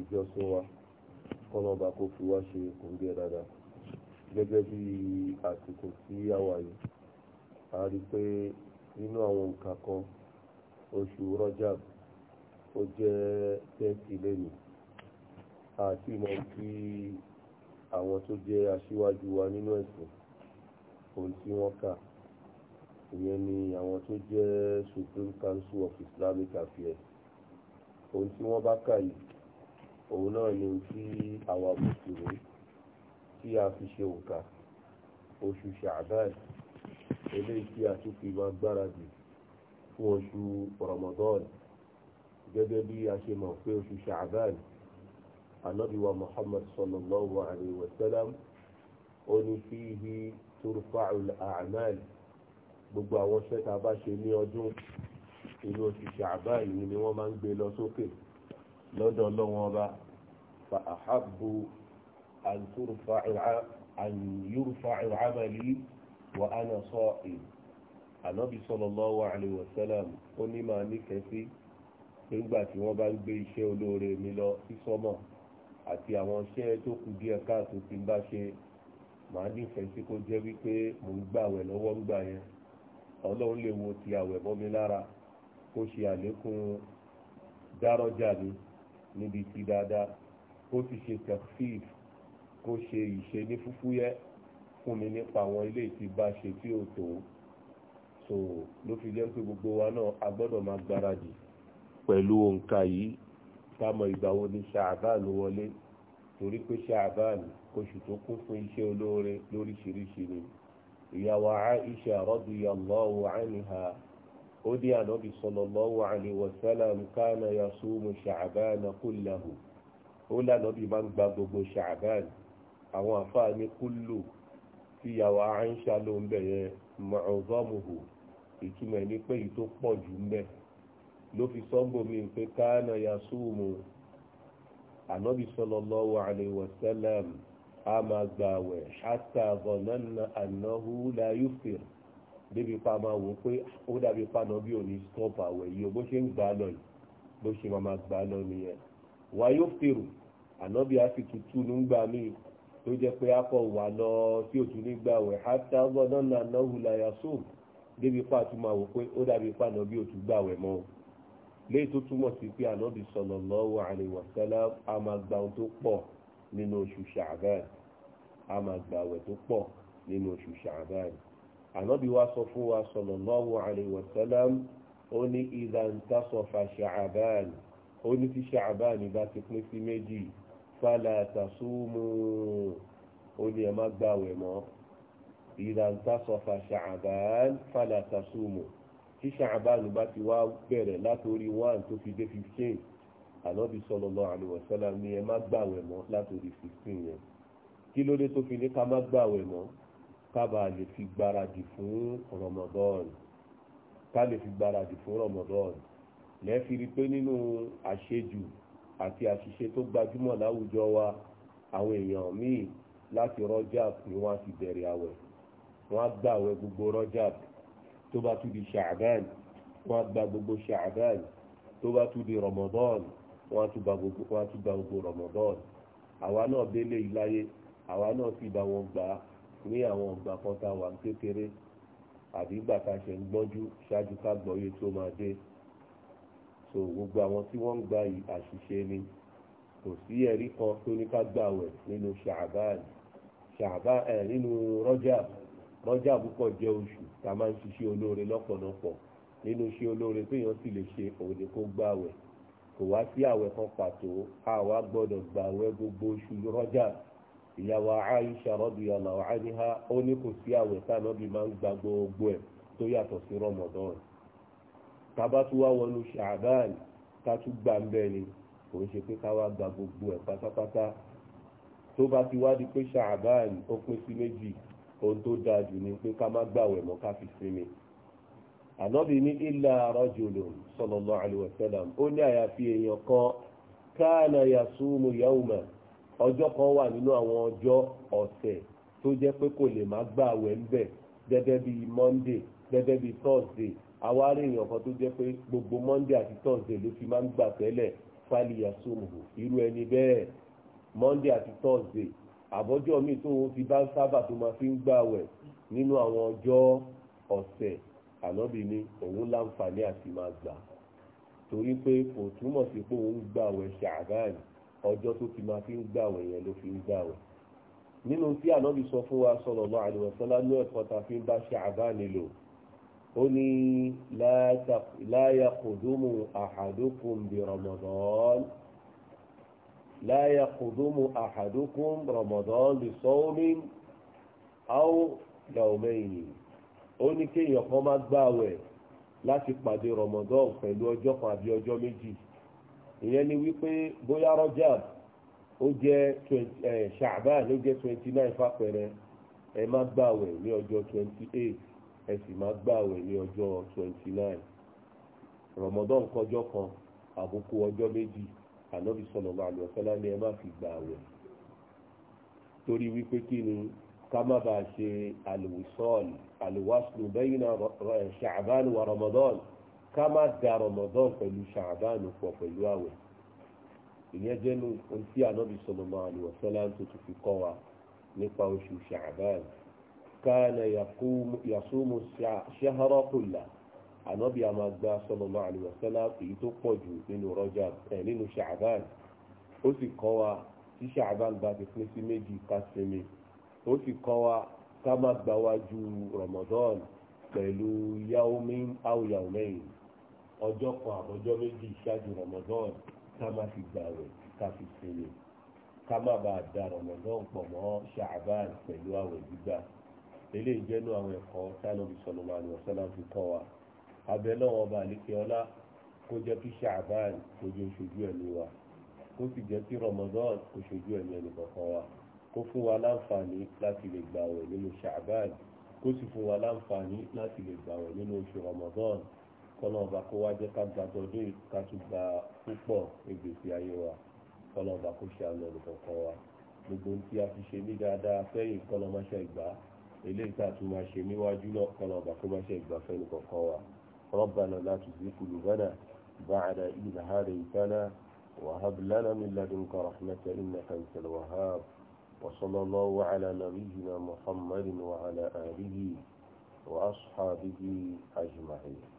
ìjọsìn wa kọ́lọ́ba kó fi wá ṣe kòńgẹ́ dáadáa gẹ́gẹ́ bí àsìkò tí a wà yìí a rí i pé nínú àwọn nǹkan kan oṣù Rajab ó jẹ́ tẹ́ǹtì lẹ́nu àti mọ̀ kí àwọn tó jẹ́ aṣíwájú wa nínú ẹ̀sìn ohun tí wọ́n kà ìyẹn ni àwọn tó jẹ́ Supreme Council of Islamic Affairs ohun tí wọ́n bá kà yìí òun náà ni tí àwa mùsùlùmí tí a fi ṣe òǹkà oṣù ṣàbáì eléyìí tí a tún fi máa gbáradì fún oṣù Ramadan gẹ́gẹ́ bí a ṣe mọ̀ pé oṣù ṣàbáì anábìwa Muhammad sallallahu alayhi wa sallam ó ní fíhi turfa'u al-a'mal gbogbo àwọn ṣẹ́ta bá ṣe ní ọdún inú oṣù ṣàbáì ni wọ́n máa ń gbé lọ sókè lọ́dọ̀ ọlọ́wọ́n ọba fa àhábò àyùrùfà ìwàhámàlì wà á nà sọ ì ànábì sallallahu alaihi wasallam ó ní màá nífẹ̀ẹ́ sí nígbà tí wọ́n bá ń gbé iṣẹ́ olóore mi lọ sí sọ́mọ̀ àti àwọn iṣẹ́ tó kù díẹ̀ káàtó ti bá ṣe màá nífẹ̀ẹ́ sí kó jẹ́ wípé mò ń gbàwẹ̀ lọ́wọ́ ń gbà yẹn ọlọ́run lè wo ti àwẹ̀ mọ́ mi lára kó ṣe àlékún dárọ́jà mi níbi ti dáadáa kó sì ṣe tafsir kó ṣe ìṣe ní fúfúyẹ́ fún mi nípa àwọn ilé ìtì bá ṣe tí ò tó so ló fi jẹ́ pé gbogbo wa náà a gbọ́dọ̀ máa gbáradì pẹ̀lú òǹkà yìí támọ̀ ìgbà wo ni ṣàbáàlù wọlé torí pé ṣàbáàlù oṣù tó kún fún iṣẹ́ olóore lóríṣiríṣi ni ìyàwó Aisha radiyallahu anha ó dé ànábì sallallahu alaihi wasallam kana yasumu ṣàbánà kullahu ó lànàbì máa ń gba gbogbo ṣàbánà àwọn àfáà ní kúlù tíyàwó àìṣà ló ń bẹ̀rẹ̀ mọ̀ọ́dọ́mùhù ìtumọ̀ ní pé èyí tó pọ̀ jù mẹ́ ló fi sọ́ngbò mi pé káánà yasumu ànábì sallallahu alaihi wasallam a máa gbààwẹ̀ hatta zananna annahu la yuftir débi pa máa wò pé ó dàbí paná bí òní stop àwẹ̀ yìí o bó ṣe ń gbà lọ yìí bó ṣe máa máa gbà lọ nìyẹn wà yóò fèrò ànábì á sì tutù nígbà míì tó jẹ́ pé akọ wà lọ sí òtún nígbà wẹ̀ hátà gbọ́dọ̀ nà náwó làyà sóò débi pa tó máa wò pé ó dàbí paná bí òtún gbà wẹ̀ mọ́ léyìí tó túmọ̀ sí pé ànábì sallallahu alaihi wasallam a máa gba ohun tó pọ̀ nínú oṣù Ṣàbáàn á máa gbà wẹ̀ tó pọ̀ nínú oṣù Ṣàbáàn ànábì wa sọ fún wa sallallahu alayhi wa sallam ó ní idha intasafa ṣàbán ó ní tí ṣàbán bá ti pín sí méjì fala tasumu ó ní ẹ má gbàwẹ̀ mọ́ idha intasafa ṣàbán fala tasumu tí ṣàbán bá ti wá bẹ̀rẹ̀ látòrí one tó fi dé fifteen ànábì sallallahu alayhi wa ní ẹ gbàwẹ̀ mọ́ látòrí fifteen yẹn kí ló dé tó fi ní ká má gbàwẹ̀ mọ́ kábà le fi gbáradì fún Ramadan ká lè fi gbáradì fún Ramadan lẹ́ẹ̀fi rí pé nínú àṣejù àti àṣìṣe tó gbajúmọ̀ láwùjọ wa àwọn èèyàn míì láti rojab ni wọ́n á ti bẹ̀rẹ̀ àwẹ̀ wọ́n á gba àwẹ̀ gbogbo Rajab tó bá tún di Sha'ban wọ́n á gba gbogbo Sha'ban tó bá tún di Ramadan wọ́n á tún gba gbogbo Ramadan àwa náà délé ìláyé àwa náà sì bá wọn gbà á ní àwọn ọgbà kan tá a wà kékeré àbí ìgbà tá a ṣe ń gbọ́njú ṣáájú ká gbọ́yé tó máa dé so gbogbo àwọn tí wọ́n ń gba àṣìṣe ni kò sí ẹ̀rí kan tó ní ká gbàwẹ̀ nínú ṣàbáàn ṣàbáàn ẹ̀ nínú rọ́jà rọ́jà púpọ̀ jẹ́ oṣù tá máa ń ṣiṣẹ́ olóore lọ́pọ̀lọpọ̀ nínú iṣẹ́ olóore téèyàn sì lè ṣe òun ni kó gbàwẹ̀ kò wá sí àwẹ̀ kan pàtó àwa gbọ́dọ̀ gbàwẹ̀ gbogbo oṣù rọ́jà ìyàwó Aisha radiyallahu anha ó ní kò sí àwẹ̀ táwọn ọbí máa ń gba gbogbo ẹ̀ tó yàtọ̀ sí Ramadan tábà tún wá wọnú Sha'ban gbà ń ni kò ń ṣe pé ká gba gbogbo ẹ̀ pátápátá ti pé ó pín sí méjì ohun tó dáa jù ni pé ká má gbàwẹ̀ fi sinmi ànábì ọjọ́ kan wà nínú àwọn ọjọ́ ọ̀sẹ̀ tó jẹ́ pé kò lè má gbà wẹ̀ ń bẹ̀ gẹ́gẹ́ bí monday gẹ́gẹ́ bí thursday àwárí èèyàn kan tó jẹ́ pé gbogbo monday àti thursday ló fi máa ń gbà tẹ́lẹ̀ fálì yasumu irú ẹni bẹ́ẹ̀ monday àti thursday àbọ́jọ́ míì tó fi bá ń sábà tó máa fi ń gbà wẹ̀ nínú àwọn ọjọ́ ọ̀sẹ̀ ànábì ni òun láǹfààní àti máa gbà torí pé kò túmọ̀ sí pé òun gbà wẹ̀ ṣàgáàní ọjọ́ tó fi máa fi ń gbàwẹ̀ yẹn ló fi ń gbàwẹ̀ nínú tí ànábì sọ fún wa sallallahu alaihi wasallam ní ẹ̀kọ́ ta fi ń bá Ṣàbán lò ó ní la yaqudumu ahadukum bi Ramadan la yaqudumu ahadukum Ramadan bi sawmin aw yawmayni ó ní kéèyàn kan má gbàwẹ̀ láti pàdé Ramadan pẹ̀lú ọjọ́ kan àbí ọjọ́ méjì ìyẹn ni wípé bóyá rọ́jàb ó jẹ́ ṣàbáà eh, ló jẹ́ twenty nine fàpẹrẹ ẹ má gbàwẹ̀ ní ọjọ́ twenty eight ẹ sì má gbàwẹ̀ ní ọjọ́ twenty nine rọmọdán kọjọ́ kan àbùkù ọjọ́ méjì ànábì sallallahu alaihi wasallam ni ẹ má fi gbàwẹ̀ torí wípé kí ni ká má bàa ṣe àlùwìsọ́ọ̀lù àlùwàsùn bẹ́yìn náà ṣàbáà wà rọmọdán ká má da rọmọdán pẹ̀lú ṣàbánu pọ̀ pẹ̀lú àwẹ̀ ìyẹn jẹ́ ohun tí ànábì sallallahu alaihi wasallam tó tún fi kọ́ wa nípa oṣù ṣàbánu kana yasumu shahra kullahu ànábì àmàgbà sallallahu alaihi wasallam èyí tó pọ̀ jù nínú rọ́jà ẹ̀ eh, nínú ṣàbánu ó sì kọ́ wa tí ṣàbánu bá ti pín sí méjì ká ó sì kọ́ wa ká má gbáwájú rọmọdán pẹ̀lú yawmin aw ọjọ́ kan àbọ̀jọ́ méjì ṣáájú Ramadan ká má fi gbààwẹ̀ ká fi sinmi ká má bàa da Ramadan pọ̀ mọ́ Sha'ban pẹ̀lú àwẹ̀ gbígbà eléyìí jẹ́nu àwọn ẹ̀kọ́ tánàbí sallallahu alaihi wasallam fi kọ́ wa abẹ náà ọba àlékè ọlá kó jẹ́ kí Sha'ban kó jẹ́ oṣojú ẹ̀mí wa kó sì jẹ́ kí Ramadan kó ṣojú ẹ̀mí ẹnì kọ̀ọ̀kan wa kó fún wa láǹfààní láti lè gbààwẹ̀ nínú Sha'ban kó sì fún wa láǹfààní láti lè gbààwẹ̀ nínú oṣù Ramadan kọlọ́ọ̀bà kó wá jẹ́ ká gbàgbọ́ ọdún yìí ká tún gba púpọ̀ ìgbésí ayé wa kọlọ́ọ̀bà kó ṣe àlọ́ nìkọ̀ọ̀kan wa gbogbo ohun tí a fi ṣe ní dáadáa sẹ́yìn kọlọ́ọ̀máṣẹ́ ìgbà eléyìí tá a tún máa ṣe níwájú náà kọlọ́ọ̀bà kó máṣẹ́ ìgbà fẹ́ nìkọ̀ọ̀kan wa ربنا لا تزغ قلوبنا بعد إذ هديتنا وهب لنا من لدنك رحمة إنك أنت الوهاب وصلى الله على نبينا محمد وعلى آله وأصحابه أجمعين